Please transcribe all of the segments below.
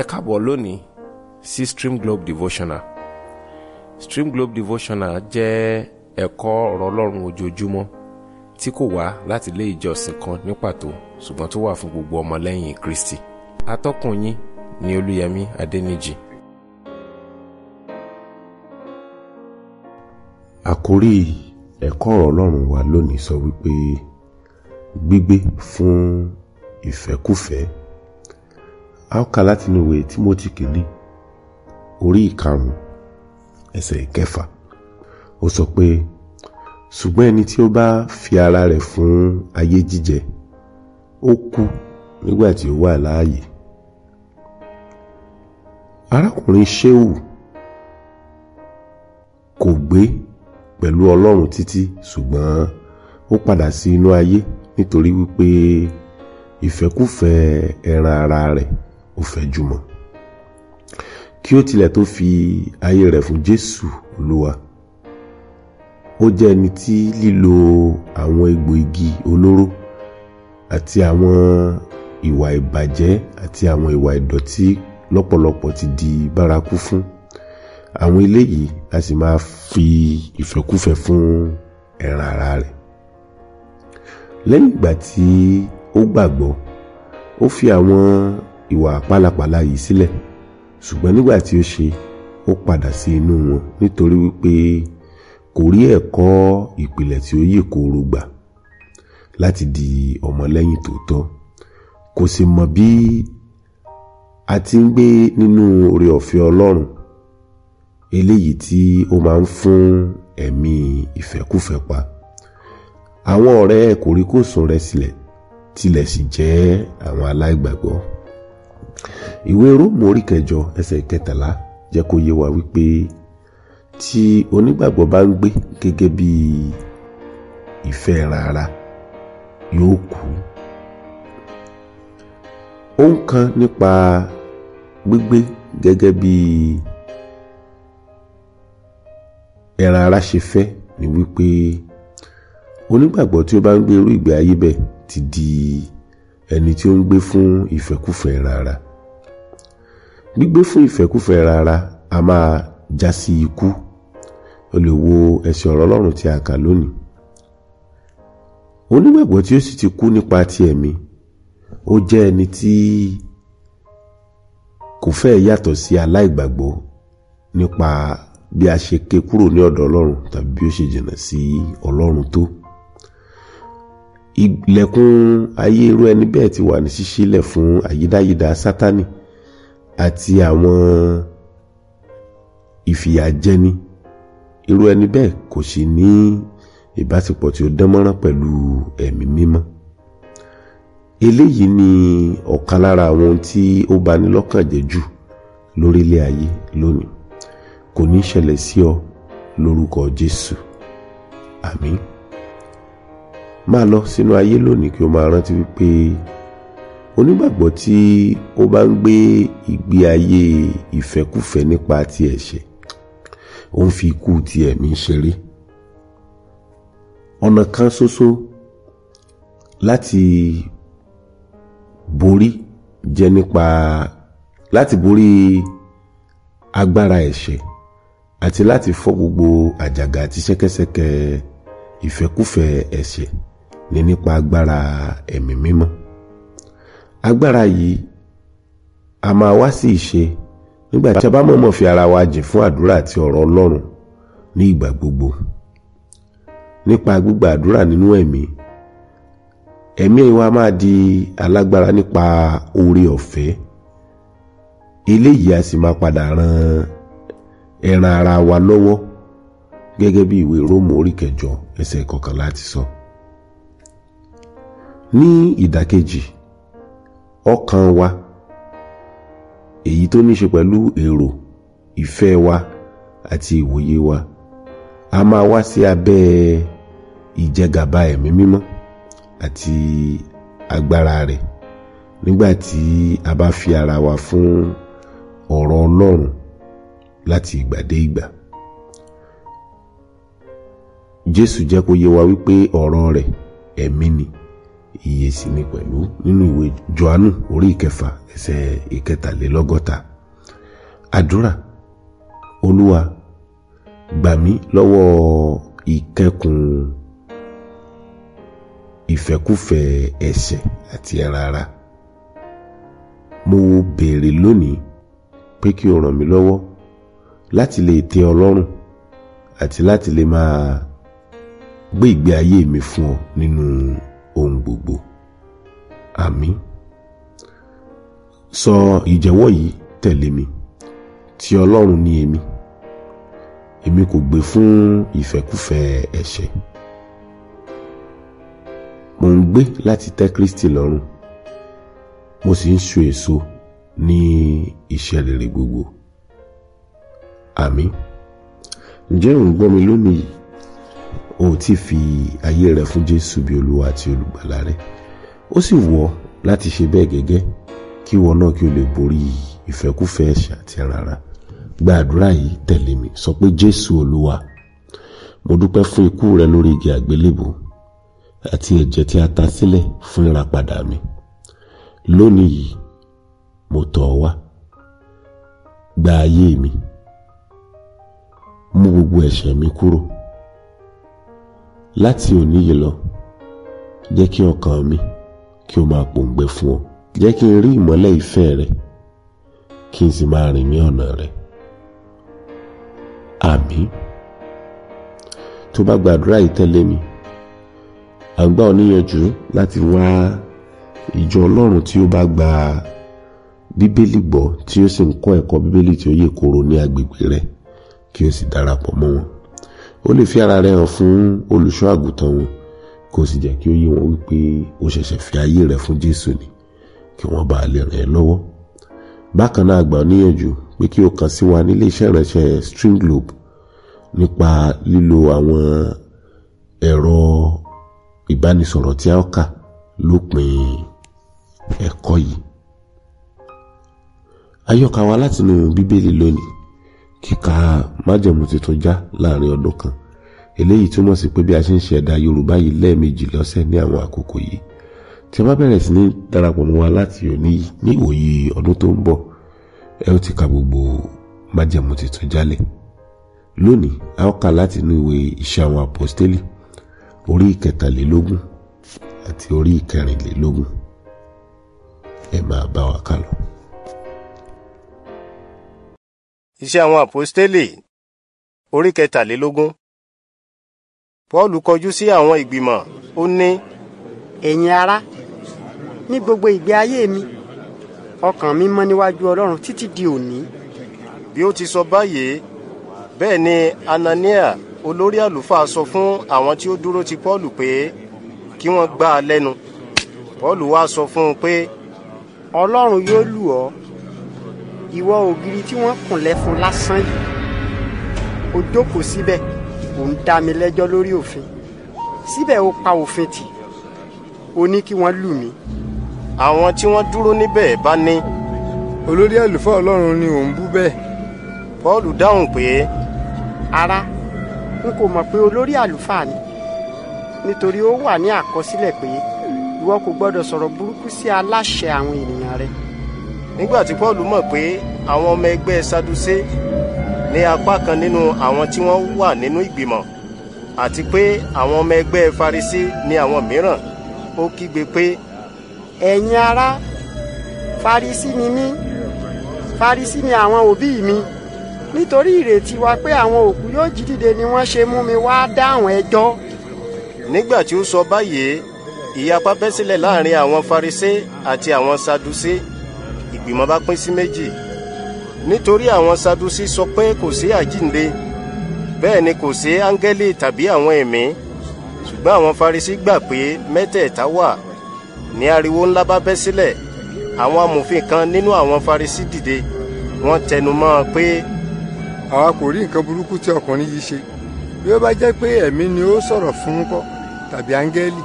ẹ káàbọ̀ lónìí sí Stream Globe Devotional Stream Globe Devotional jẹ́ ẹ̀kọ́ ọ̀rọ̀ ọlọ́run ojoojúmọ́ tí kò wá láti ilé ìjọsìn kan ní pàtó ṣùgbọ́n tó wà fún gbogbo ọmọlẹ́yìn Kristi atọ́kùn yín ni Olúyẹmí Adẹ́nìjì. àkórí ẹ̀kọ́ ọ̀rọ̀ ọlọ́run wa lónìí sọ wípé gbígbé fún ìfẹ́kùfẹ́ a ó kà láti inú ìwé Tímótì kìíní orí ìkarùn ẹsẹ̀ ìkẹfà ó sọ pé ṣùgbọ́n ẹni tí ó bá fi ara rẹ̀ fún ayé jíjẹ ó kú nígbà tí ó wà láàyè arákùnrin Ṣéhù kò gbé pẹ̀lú Ọlọ́run títí ṣùgbọ́n ó padà sí inú ayé nítorí wípé ìfẹ́kùfẹ́ ẹran ara rẹ̀ ó fẹ́ jùmọ̀ kí ó tilẹ̀ tó fi ayé rẹ̀ fún jésù olúwa ó jẹ́ ẹni tí lílo àwọn egbò igi olóró àti àwọn ìwà ìbàjẹ́ àti àwọn ìwà ìdọ̀tí lọ́pọ̀lọpọ̀ ti di bárakú fún àwọn eléyìí a sì máa fi ìfẹ́kúfẹ́ fún ẹran ara rẹ̀ lẹ́yìn ìgbà tí ó gbàgbọ́ ó fi àwọn ìwà pálapàla yìí sílẹ̀ ṣùgbọ́n nígbà tí ó ṣe ó padà sí inú wọn nítorí wípé kò rí ẹ̀kọ́ ìpìlẹ̀ tí ó yè kooro gbà láti di ọmọlẹ́yìn tòótọ́ kò sì mọ̀ bí a ti ń gbé nínú oore ọ̀fẹ́ ọlọ́run eléyìí tí ó máa ń fún ẹ̀mí ìfẹ́kùfẹ́ pa àwọn ọ̀rẹ́ kòríkòsùn rẹ̀ sílẹ̀ tilẹ̀ sì jẹ́ àwọn aláìgbàgbọ́ ìwé róòmù orí kẹjọ ẹsẹ̀ kẹtàlá jẹ́ kó yé wa wípé tí onígbàgbọ́ bá ń gbé gẹ́gẹ́ bí ìfẹ́ rárá yóò kú ohun kan nípa gbígbé gẹ́gẹ́ bí ẹran ara ṣe fẹ́ ni wípé onígbàgbọ́ tí ó bá ń gbé irú ìgbé ayé bẹ́ẹ̀ ti di ẹni tí ó ń gbé fún ìfẹ́kùfẹ́ ẹran gbígbé fún ìfẹ́kúfẹ̀ẹ́ rárá a máa já sí ikú o lè wo ẹsẹ̀ ọ̀rọ̀ Ọlọ́run tí a kà lónìí onígbàgbọ́ tí ó sì ti kú nípa ti ẹ̀mí ó jẹ́ ẹni tí kò fẹ́ yàtọ̀ sí aláìgbàgbọ́ nípa bí a ṣe ké kúrò ní ọ̀dọ̀ Ọlọ́run tàbí bí ó ṣe jìnnà sí Ọlọ́run tó ilẹ̀kùn ayé irú ẹni bẹ́ẹ̀ ti wà ní ṣíṣílẹ̀ fún àyídáyídá Sátánì àti àwọn ìfìyàjẹni irú ẹni bẹ́ẹ̀ kò sì ní ìbáṣepọ̀ tí ó dánmọ́rán pẹ̀lú ẹ̀mí mímọ́ eléyìí ni ọ̀kan lára àwọn ohun tí ó bani lọ́kàn jẹ́ jù lórílẹ̀ ayé lónìí kò ní ṣẹlẹ̀ sí ọ lórúkọ Jésù àmín máa lọ sínú ayé lónìí kí o máa rántí wípé onígbàgbọ́ tí ó bá ń gbé ìgbé ayé ìfẹ́kùfẹ́ nípa ti ẹ̀ṣẹ̀ ó ń fi ikú ti ẹ̀mí ṣeré ọ̀nà kan ṣoṣo láti borí jẹ́ nípa láti borí agbára ẹ̀ṣẹ̀ àti láti fọ́ gbogbo àjàgà àti ṣẹ́kẹ́ṣẹkẹ̀ ìfẹ́kùfẹ́ ẹ̀ṣẹ̀ ní nípa agbára ẹ̀mí mímọ́. E agbára yìí a máa wá sí ìṣe nígbà tí a bá mọ̀ọ́mọ̀ fi ara wa jìn fún àdúrà àti ọ̀rọ̀ ọlọ́run ní ìgbà gbogbo nípa gbígba àdúrà nínú ẹ̀mí ẹ̀mí wa máa di alágbára nípa oore ọ̀fẹ́ eléyìí a sì máa padà ran ẹran ara wa lọ́wọ́ gẹ́gẹ́ bí ìwé róòmù orí kẹjọ ẹsẹ̀ kọkànlá ti sọ ní ìdàkejì ọkàn wa èyí tó níṣe pẹ̀lú èrò ìfẹ́ wa àti ìwòye wa a máa wá sí abẹ́ ìjẹgàba ẹ̀mí mímọ́ àti agbára rẹ̀ nígbà tí a bá fi ara wa fún ọ̀rọ̀ Ọlọ́run láti ìgbà dé ìgbà Jésù jẹ́ kó yé wa wípé ọ̀rọ̀ rẹ̀ ẹ̀mí ni. E iye sì ni pẹ̀lú nínú ìwé Jòhánù orí ìkẹfà ẹsẹ̀ ìkẹtàlélọ́gọ́ta àdúrà olúwa gbà mí lọ́wọ́ ìkẹ́kùn ìfẹ́kùfẹ́ ẹ̀ṣẹ̀ àti ẹran ara mo béèrè lónìí pé kí o ràn mí lọ́wọ́ láti lè tẹ ọ lọ́rùn àti láti lè máa gbé ìgbé ayé mi fún ọ nínú ohun gbogbo àmín sọ ìjẹ́wọ́ yìí tẹ̀lé mi ti ọlọ́run ni èmi èmi kò gbé fún ìfẹ́kúfẹ́ ẹ̀ṣẹ̀ mò ń gbé láti tẹ́ Kristi lọ́rùn mo sì ń so èso ní iṣẹ́ rere gbogbo àmín ǹjẹ́ ò gbọ́ mi lónìí yìí o ò tí fi ayé rẹ fún jésù bí olúwa àti olùgbàlà rẹ ó sì wọ láti ṣe bẹ́ẹ̀ gẹ́gẹ́ kí ìwọ náà kí o lè borí ìfẹ́kúfẹ̀ẹ́ ẹ̀ṣẹ̀ àti rárá gba àdúrà yìí tẹ̀lé mi sọ pé jésù olúwa mo dúpẹ́ fún ikú rẹ lórí igi àgbélébùú àti ẹ̀jẹ̀ tí a ta sílẹ̀ fún ìràpadà mi lónìí yìí mo tọ̀ ọ́ wá gba ayé mi mú gbogbo ẹ̀ṣẹ̀ mi kúrò láti òní yìí lọ jẹ́ kí ọkàn mi kí o máa pòǹgbẹ fún ọ jẹ́ kí n rí ìmọ́lẹ̀ ìfẹ́ rẹ kí n sì máa rìn ní ọ̀nà rẹ àmín tó bá gbàdúrà yìí tẹ̀lé mi à ń gbà ọ níyànjú láti wá ìjọ ọlọ́run tí ó bá gba bíbélì gbọ́ tí ó sì ń kọ́ ẹ̀kọ́ bíbélì tí ó yè kooro ní agbègbè rẹ kí o sì darapọ̀ mọ́ wọn ó lè fi ara rẹ̀ hàn fún olùṣọ́ àgùntàn wọn kó sì jẹ́ kí ó yé wọn wípé ó ṣẹ̀ṣẹ̀ fi ayé rẹ̀ fún Jésù ni kí wọ́n bá lè ràn ẹ́ lọ́wọ́ bákan náà gbà níyànjú pé kí o kàn sí wa nílé iṣẹ́ ìránṣẹ́ Stream Globe nípa lílo àwọn ẹ̀rọ ìbánisọ̀rọ̀ tí a ó kà lópin ẹ̀kọ́ yìí àyọkà wa látinú bíbélì lónìí kíka májẹ̀mú tuntun já láàrin ọdún kan eléyìí túmọ̀ sí pé bí a ṣe ń ṣẹ̀dá yorùbá yìí lẹ́ẹ̀mejì lọ́sẹ̀ ní àwọn àkókò yìí tí a bá bẹ̀rẹ̀ sí ní darapọ̀ mọ́ wa láti òní ní ìwòye ọdún tó ń bọ̀ ẹ ó ti ka gbogbo májẹ̀mú tuntun jálẹ̀ lónìí a ó kà láti inú ìwé iṣẹ́ àwọn àpọ́stélì orí ìkẹtàlélógún àti orí ìkẹrìnlélógún ẹ máa bá wa kà lọ. Iṣẹ́ àwọn àpọ́stélì orí kẹtàlélógún. Pọ́ọ̀lù kọjú sí àwọn ìgbìmọ̀, ó ní. Ẹ̀yin ará, ní gbogbo ìgbé ayé mi, ọkàn mi mọ́ níwájú Ọlọ́run títí di òní. Bí ó ti sọ báyìí, bẹ́ẹ̀ ni ananiya, olórí àlùfáà sọ fún àwọn tí ó dúró ti Pọ́ọ̀lù pé kí wọ́n gbá a lẹ́nu. Pọ́ọ̀lù wá sọ fún un pé. Ọlọ́run yóò lù ọ́ ìwọ ògiri tí wọ́n kùn lẹ́fun lásán yìí ó jókòó síbẹ̀ ò ń dá mi lẹ́jọ́ lórí òfin síbẹ̀ ó pa òfin tì ó ní kí wọ́n lù mí. àwọn tí wọ́n dúró níbẹ̀ bá ní. olórí àlùfáà ọlọ́run ni òun bú bẹ́ẹ̀. paul dáhùn pé. ará n kò mọ̀ pé olórí àlùfáà ni nítorí ó wà ní àkọsílẹ̀ pé ìwọ kò gbọ́dọ̀ sọ̀rọ̀ burúkú sí aláṣẹ àwọn ènìyàn rẹ̀ nígbà tí paul mọ̀ pé àwọn ọmọ ẹgbẹ́ sadusé ní apá kan nínú àwọn tí wọ́n wà nínú ìgbìmọ̀ àti pé àwọn ọmọ ẹgbẹ́ farisi ní àwọn mìíràn ó kígbe pé. ẹ̀yin ará farisi ni mí farisi ni àwọn òbí mi nítorí ìrètí wa pé àwọn òkú yóò jí dìde ni wọ́n ṣe mú mi wá dáhùn ẹjọ́. nígbà tí ó sọ báyìí ìyapa bẹ́ sílẹ̀ láàrin àwọn farisé àti àwọn sadusé ìgbìmọ̀ bá pín sí méjì nítorí àwọn sadusi sọ pé kò sí àjínde bẹ́ẹ̀ ni kò sí áńgẹ́lì tàbí àwọn ẹ̀mí ṣùgbọ́n àwọn farisi gbà pé mẹ́tẹ̀ẹ̀ta wà ní ariwo ńlá bá bẹ́ sílẹ̀ àwọn amòfin kan nínú àwọn farisi dìde wọ́n tẹnu mọ́ ọ pé. àwa kò rí nǹkan burúkú tí ọkùnrin yìí ṣe bí ó bá jẹ́ pé ẹ̀mí ni ó sọ̀rọ̀ fún kọ́ tàbí áńgẹ́lì.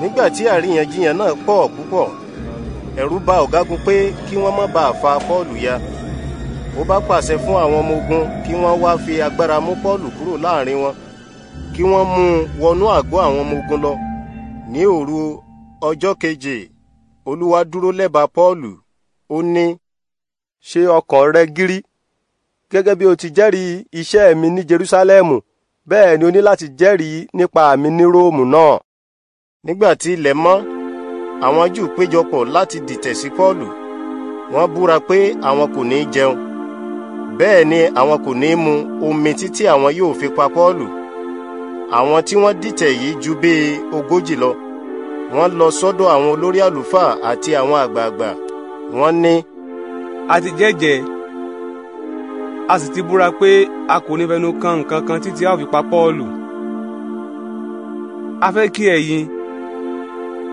nígbà tí àríyànjiyàn náà pọ̀ púpọ̀ ẹ̀rù bà ọ̀gágun pé kí wọ́n má bàa fa Pọ́ọ̀lù ya ó bá pàṣẹ fún àwọn ọmọ ogun kí wọ́n wá fi agbára mú Pọ́ọ̀lù kúrò láàrin wọn kí wọ́n mú un wọnú àgọ́ àwọn ọmọ ogun lọ ní òru ọjọ́ keje olúwa dúró lẹ́bàá Pọ́ọ̀lù ó ní ṣe ọkàn rẹ gírí gẹ́gẹ́ bí o ti jẹ́rìí iṣẹ́ mi ní Jerúsálẹ́mù bẹ́ẹ̀ ni o ní láti jẹ́rìí nípa mi ní Róòmù náà nígbà tí ilẹ̀ mọ́ àwọn Júù péjọpọ̀ láti dìtẹ̀ sí Pọ́ọ̀lù wọ́n búra pé àwọn kò ní jẹun bẹ́ẹ̀ ni àwọn kò ní mu omi títí àwọn yóò fi pa Pọ́ọ̀lù àwọn tí wọ́n dìtẹ̀ yìí ju bíi ogójì lọ wọ́n lọ sọ́dọ̀ àwọn olórí àlùfáà àti àwọn àgbààgbà wọ́n ní. a ti jẹ́jẹ́ a sì ti búra pé a kò ní fẹnu kan nǹkan kan títí a ò fi pa Pọ́ọ̀lù a fẹ́ kí ẹ̀yin. E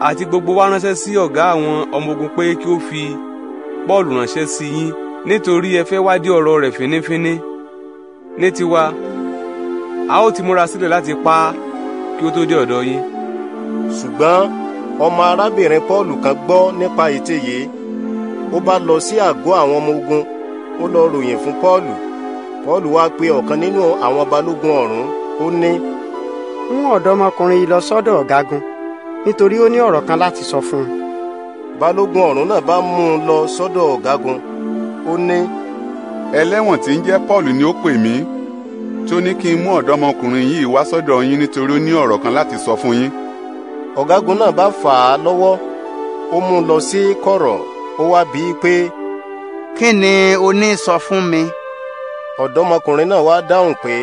àti gbogbo wa ránṣẹ́ sí ọ̀gá àwọn ọmọ ogun pé kí ó fi Pọ́ọ̀lù ránṣẹ́ sí yín nítorí ẹ fẹ́ wádìí ọ̀rọ̀ rẹ̀ fínífíní ní tiwa a ó ti múra sílẹ̀ láti pa á kí ó tó dé ọ̀dọ̀ yín. ṣùgbọ́n ọmọ arábìnrin Pọ́ọ̀lù kan gbọ́ nípa ète yìí ó bá lọ sí àgọ́ àwọn ọmọ ogun ó lọ ròyìn fún Pọ́ọ̀lù Pọ́ọ̀lù wá pe ọ̀kan nínú àwọn balógun ọ̀rún ó ní. mú ọ̀dọ́mọkùnrin lọ sọ́dọ̀ ọ̀gágun. So nítorí ó ní ọ̀rọ̀ kan láti sọ fún un. balógun ọ̀rún náà bá mú un lọ sọ́dọ̀ ọ̀gágun ó ní. ẹlẹ́wọ̀n tí ń jẹ́ Paul ni ó pè mí tó ní kí n mú ọ̀dọ́mọkùnrin yìí wá sọ́dọ̀ yín nítorí ó ní ọ̀rọ̀ kan láti sọ fún yín. ọ̀gágun náà bá fà á lọ́wọ́ ó mú un lọ sí kọ̀rọ̀ ó wá bí i pé. kí ni o ní sọ fún mi. ọ̀dọ́mọkùnrin náà wá dáhùn pé.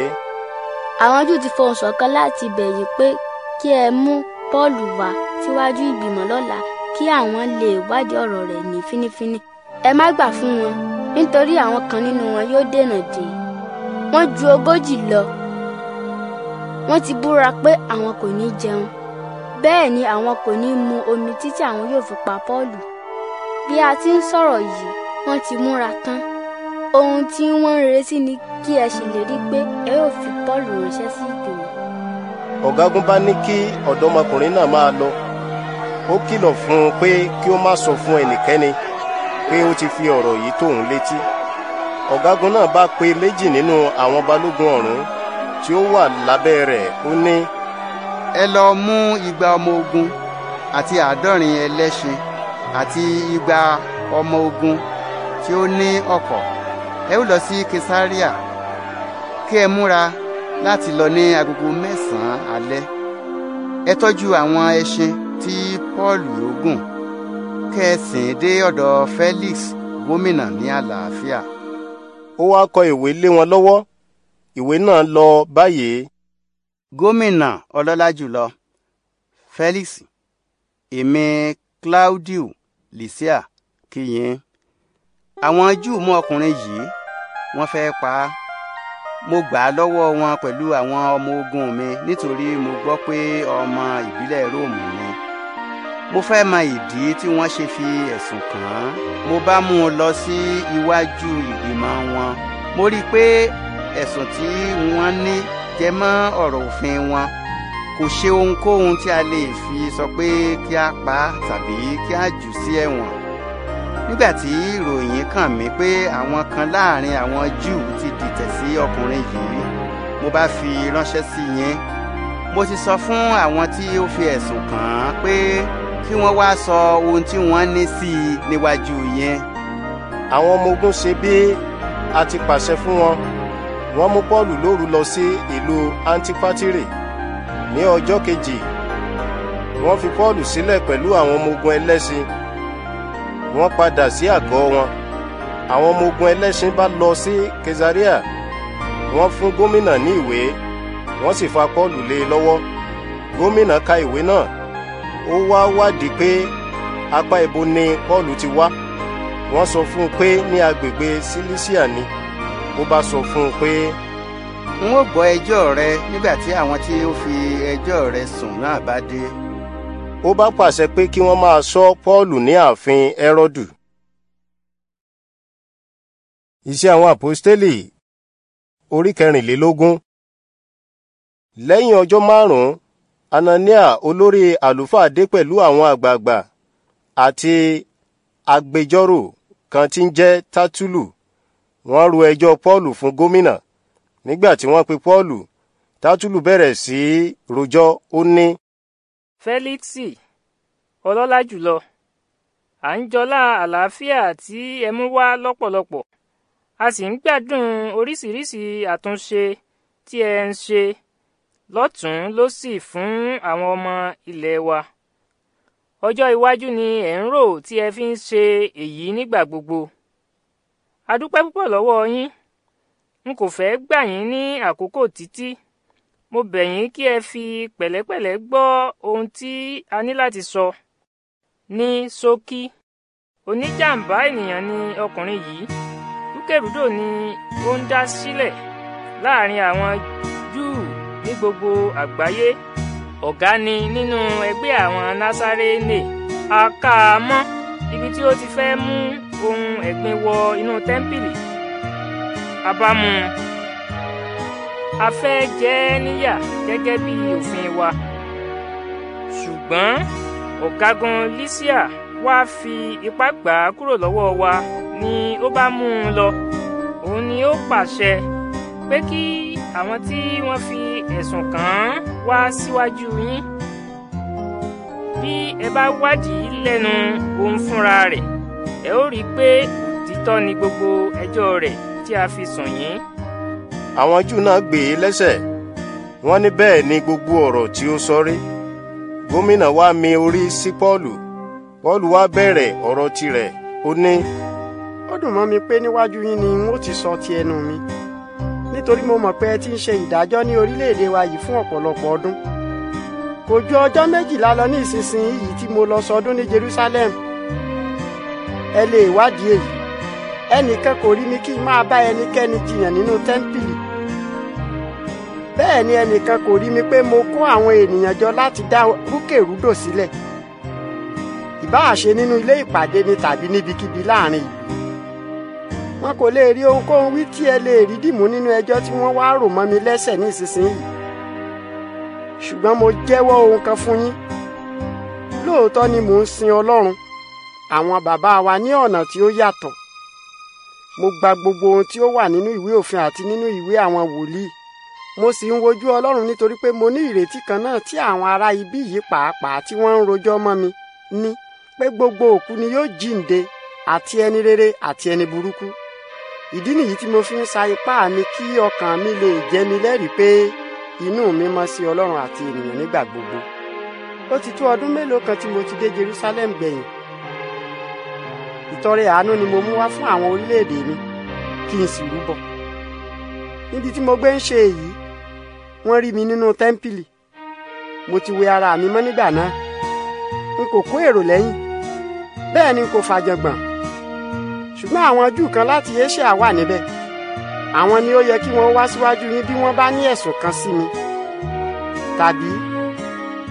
àwọn jù ti fohùn ṣọ̀kan láti bẹ̀yìn pé kí ẹ mú Paul wá síwájú ìgbìmọ̀ lọ́la kí àwọn lè wádìí ọ̀rọ̀ rẹ̀ ní fínífíní ẹ má gbà fún wọn nítorí àwọn kan nínú wọn yóò dènà dé wọ́n ju ogójì lọ wọ́n ti búra pé àwọn kò ní jẹun bẹ́ẹ̀ ni àwọn kò ní mu omi títí àwọn yóò fi pa Pọ́ọ̀lù bí a ti ń sọ̀rọ̀ yìí wọ́n ti múra tán ohun tí wọ́n ń retí ni kí ẹ ṣèlérí pé ẹ yóò fi Pọ́ọ̀lù ránṣẹ́ sí ọ̀gágun bá ní kí ọ̀dọ́mọkùnrin náà máa lọ ó kìlọ̀ fún un pé kí ó má sọ fún ẹnikẹ́ni pé ó ti fi ọ̀rọ̀ yìí tó òun létí ọ̀gágun náà bá pe méjì nínú àwọn balógun ọ̀rún tí ó wà lábẹ́ rẹ̀ ó ní. ẹ lọ mú igba ọmọ ogun àti àádọ́rin ẹlẹ́ṣin àti igba ọmọ ogun tí ó ní ọ̀kọ̀ ẹ ó lọ sí kesaria kí ẹ múra láti lọ ní agogo mẹ́sàn-án alẹ́ ẹ tọ́jú àwọn ẹṣin tí Paul ó gùn kẹsìn dé ọ̀dọ̀ Felix gómìnà ní àlàáfíà. ó wáá kọ ìwé lé wọn lọ́wọ́ ìwé náà lọ báyìí. gómìnà ọlọ́lá jùlọ Felix èmi Claudiu Lysia kí yín àwọn Júù mú ọkùnrin yìí wọ́n fẹ́ pa á mo gbà á lọ́wọ́ wọn pẹ̀lú àwọn ọmọ ogun mi nítorí mo gbọ́ pé ọmọ ìbílẹ̀ róòmù ni mo fẹ́ mọ ìdí tí wọ́n ṣe fi ẹ̀sùn kàn án mo bá mú un lọ sí iwájú ìgbìmọ̀ wọn mo rí i pé ẹ̀sùn tí wọ́n ní jẹ mọ́ ọ̀rọ̀ òfin wọn kò ṣe ohunkóhun tí a lè fi sọ pé kí a pa tàbí kí a jù sí ẹ̀wọ̀n nígbà ìròyìn kàn mí pé àwọn kan láàrin àwọn Júù ti dìtẹ̀ sí ọkùnrin yìí mo bá fi ránṣẹ́ sí yín mo ti sọ fún àwọn tí ó fi ẹ̀sùn kàn án pé kí wọ́n wá sọ ohun tí wọ́n ní sí i níwájú yẹn. àwọn ọmọ ogun ṣe bí a ti pàṣẹ fún wọn wọ́n mú Pọ́ọ̀lù lóru lọ sí ìlú Antipatire ní ọjọ́ kejì wọ́n fi Pọ́ọ̀lù sílẹ̀ pẹ̀lú àwọn ọmọ ogun ẹlẹ́sìn wọ́n padà sí àgọ́ wọn àwọn ọmọ ogun ẹlẹ́ṣin bá lọ sí Kesaria wọ́n fún gómìnà ní ìwé wọ́n sì fa Pọ́ọ̀lù lé e lọ́wọ́ gómìnà ka ìwé náà ó wá wádìí pé apá ibo ni Pọ́ọ̀lù ti wá wọ́n sọ fún un pé ní agbègbè Silisia ni ó bá sọ fún un pé. n ó gbọ́ ẹjọ́ rẹ nígbà tí àwọn tí ó fi ẹjọ́ rẹ sùn náà bá dé ó bá pàṣẹ pé kí wọ́n máa ṣọ́ Pọ́ọ̀lù ní ààfin Hẹ́rọ́dù. Iṣẹ́ àwọn àpọ́stélì orí kẹrìnlélógún. Lẹ́yìn ọjọ́ márùn-ún, Anania olórí àlùfáà dé pẹ̀lú àwọn àgbààgbà àti agbẹjọ́rò kan tí ń jẹ́ Tátúlù. Wọ́n ru ẹjọ́ Pọ́ọ̀lù fún gómìnà. Nígbà tí wọ́n pe Pọ́ọ̀lù, Tátúlù bẹ̀rẹ̀ sí rojọ́ ó ní fẹ́líksì ọlọ́lá jùlọ à ń jọlá àlàáfíà tí ẹ mú wá lọ́pọ̀lọpọ̀ a sì ń gbádùn oríṣiríṣi àtúnṣe tí ẹ ń ṣe lọ́tùn lósì fún àwọn ọmọ ilẹ̀ wa ọjọ́ iwájú ni ẹ̀ ń rò tí ẹ fi ń ṣe èyí nígbà gbogbo a dúpẹ́ púpọ̀ lọ́wọ́ yín n kò fẹ́ gbà yín ní àkókò títí Mo bẹ̀ yín kí ẹ fi pẹ̀lẹ́pẹ̀lẹ́ gbọ́ ohun tí a ní láti sọ. Ní ṣókí, oníjàǹbá ènìyàn ni ọkùnrin yìí. Rúkèrúdò ni ó ń dá sílẹ̀ láàrin àwọn Júù ní gbogbo àgbáyé. Ọ̀gá ni nínú ẹgbẹ́ àwọn Násárẹ́nè. A ká a mọ́ ibi tí ó ti fẹ́ mú ohun ẹ̀gbin wọ inú tẹ́ḿpìlì. A a fẹ́ jẹ ẹ́ níyà gẹ́gẹ́ bí òfin wa ṣùgbọ́n ọ̀gágun Lísíà wá fi ipá gbà á kúrò lọ́wọ́ wa ni ó bá mú un lọ òun ni ó pàṣẹ pé kí àwọn tí wọ́n fi ẹ̀sùn kàn án wá síwájú yín bí ẹ bá wádìí lẹ́nu òun fúnra rẹ̀ ẹ ó rí i pé òtítọ́ ni gbogbo ẹjọ́ rẹ̀ tí a fi sùn yín àwọn Júù náà gbè é e lẹ́sẹ̀ wọ́n ní bẹ́ẹ̀ ni gbogbo ọ̀rọ̀ tí ó sọ rí gómìnà wá mi orí sí Pọ́ọ̀lù Pọ́ọ̀lù wá bẹ̀rẹ̀ ọ̀rọ̀ tirẹ̀ ó ní. ó dùn mọ́ mi pé níwájú yín ni n ó ti sọ ti ẹnu mi nítorí mo mọ̀ pé ẹ ti ń ṣe ìdájọ́ ní orílẹ̀-èdè wa yìí fún ọ̀pọ̀lọpọ̀ ọdún kò ju ọjọ́ méjìlá lọ ní ìsinsìnyí yìí tí mo lọ sọdún ní Jerusalem ẹ lè wádìí èyí ẹnìkan kò rí mi kí n máa bá ẹnikẹ́ni jiyàn nínú tẹ́ḿpìlì bẹ́ẹ̀ ni ẹnìkan kò rí mi pé mo kó àwọn ènìyàn jọ láti dá rúkèrúdò sílẹ̀ ìbáà ṣe nínú ilé ìpàdé ni tàbí níbikíbi láàrin ìlú wọn kò lè rí ohunkóhun wí tí ẹ lè rí dìmú nínú ẹjọ́ tí wọ́n wá rò mọ́ mi lẹ́sẹ̀ ní ìsinsìnyí ṣùgbọ́n mo jẹ́wọ́ ohun kan fún yín lóòótọ́ ni mò ń sin Ọlọ́run àwọn bàbá wa ní ọ̀nà tí ó yàtọ̀ mo gba gbogbo ohun tí ó wà nínú ìwé òfin àti nínú ìwé àwọn wòlíì mo sì ń wojú ọlọ́run nítorí pé mo ní ìrètí kan náà tí àwọn ará ibí yìí pàápàá tí wọ́n ń rojọ́ mọ́ mi ní pé gbogbo òkú ni yóò jíǹde àti ẹni rere àti ẹni burúkú ìdí nìyí tí mo fi ń sa ipá mi kí ọkàn mi lè jẹ́ mi lẹ́rìí pé inú mi mọ́ sí ọlọ́run àti ènìyàn nígbà gbogbo ó ti tó ọdún mélòó kan tí mo ti dé Jerusalem gbẹ̀yìn ìtọrẹ àánú ni mo mú wá fún àwọn orílẹ̀-èdè mi kí n sì rúbọ níbi tí mo gbé ń ṣe èyí wọ́n rí mi nínú tẹ́ḿpìlì mo ti wẹ ara mi mọ́ nígbà náà n kò kó èrò lẹ́yìn bẹ́ẹ̀ ni n kò fàjàngbọ̀n ṣùgbọ́n àwọn Júù kan láti Éṣíà wà níbẹ̀ àwọn ni ó yẹ kí wọ́n wá síwájú yín bí wọ́n bá ní ẹ̀sùn kan sí mi tàbí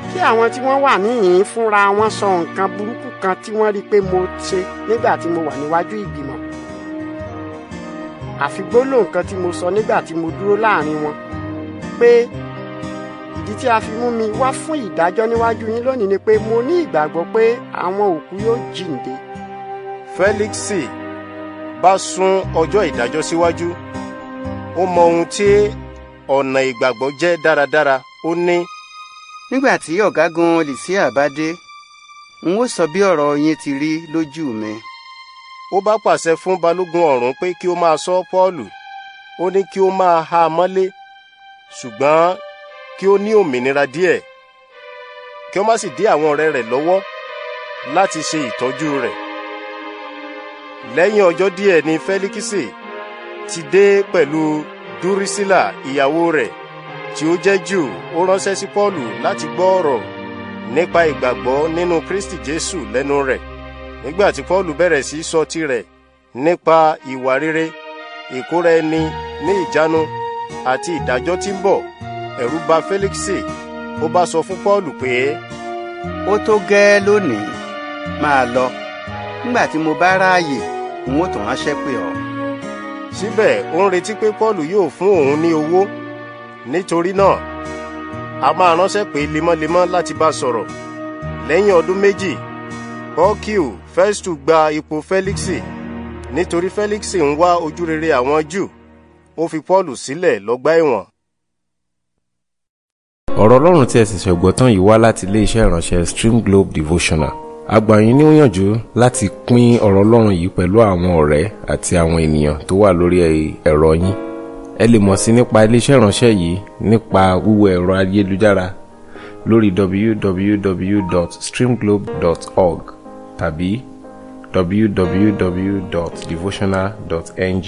kí àwọn tí wọ́n wà níhìn fúnra wọn sọ nǹkan burúkú kan tí wọ́n rí i pé mo ṣe nígbà tí mo wà níwájú ìgbìmọ̀ àfi gbólóhùn kan tí mo sọ nígbà tí mo dúró láàrin wọn pé ìdí tí a fi mú mi wá fún ìdájọ́ níwájú yín lónìí ni pé mo ní ìgbàgbọ́ pé àwọn òkú yóò jíǹde. Félíksì bá sún ọjọ́ ìdájọ́ síwájú ó mọ ohun tí ọ̀nà ìgbàgbọ́ jẹ́ dáradára ó ní. nígbà tí ọ̀gágun olùsíà bá n ó sọ bí ọ̀rọ̀ yín ti rí lójú mi. ó bá pàṣẹ fún balógun ọ̀rún pé kí ó máa ṣọ́ Pọ́ọ̀lù ó ní kí ó máa ha mọ́lé ṣùgbọ́n kí ó ní òmìnira díẹ̀ kí ó má sì dí àwọn ọ̀rẹ́ rẹ̀ lọ́wọ́ láti ṣe ìtọ́jú rẹ̀ lẹ́yìn ọjọ́ díẹ̀ ni fẹ́líkísì ti dé pẹ̀lú dúrísílà ìyàwó rẹ̀ tí ó jẹ́ jù ó ránṣẹ́ sí pọ́ọ̀lù láti gbọ́ ọ̀rọ̀ nípa ìgbàgbọ́ nínú kristi jésù lẹ́nu rẹ̀ nígbà tí pọ́ọ̀lù bẹ̀rẹ̀ sí sọ tirẹ̀ nípa ìwà rere ìkóra ẹni ní ìjánu àti ìdájọ́ tí ń bọ̀ ẹ̀rù bà Félíksì ó bá sọ fún Pọ́ọ̀lù pé. ó tó gẹ́ẹ́ lónìí máa lọ nígbà tí mo bá ráàyè n ó tún ránṣẹ́ pè ọ́. síbẹ̀ ó ń retí pé Pọ́ọ̀lù yóò fún òun ní owó nítorí náà a máa ránṣẹ́ pé lemọ́lemọ́ láti bá sọ̀rọ̀ lẹ́yìn ọdún méjì pọ́ọ̀kìù Fẹ́stù gba ipò Félíksì nítorí Félíksì ń wá ojúrere àwọn Júù ó fi Pọ́ọ̀lù sílẹ̀ lọ́gbà ẹ̀wọ̀n. ọ̀rọ̀ ọlọ́run tí ẹ ṣẹ̀ṣẹ̀ gbọ́ tán yìí wá láti iléeṣẹ́ ìránṣẹ́ Stream Globe Devotional a gbà yín níyànjú láti pín ọ̀rọ̀ ọlọ́run yìí pẹ̀lú àwọn ọ̀rẹ́ àti àwọn ènìyàn tó wà lórí ẹ̀rọ yín ẹ lè mọ̀ sí nípa iléeṣẹ́ ìránṣẹ́ yìí nípa wíwọ ẹ̀rọ ayélujára lórí www.streamglobe.org tàbí www.devotional.ng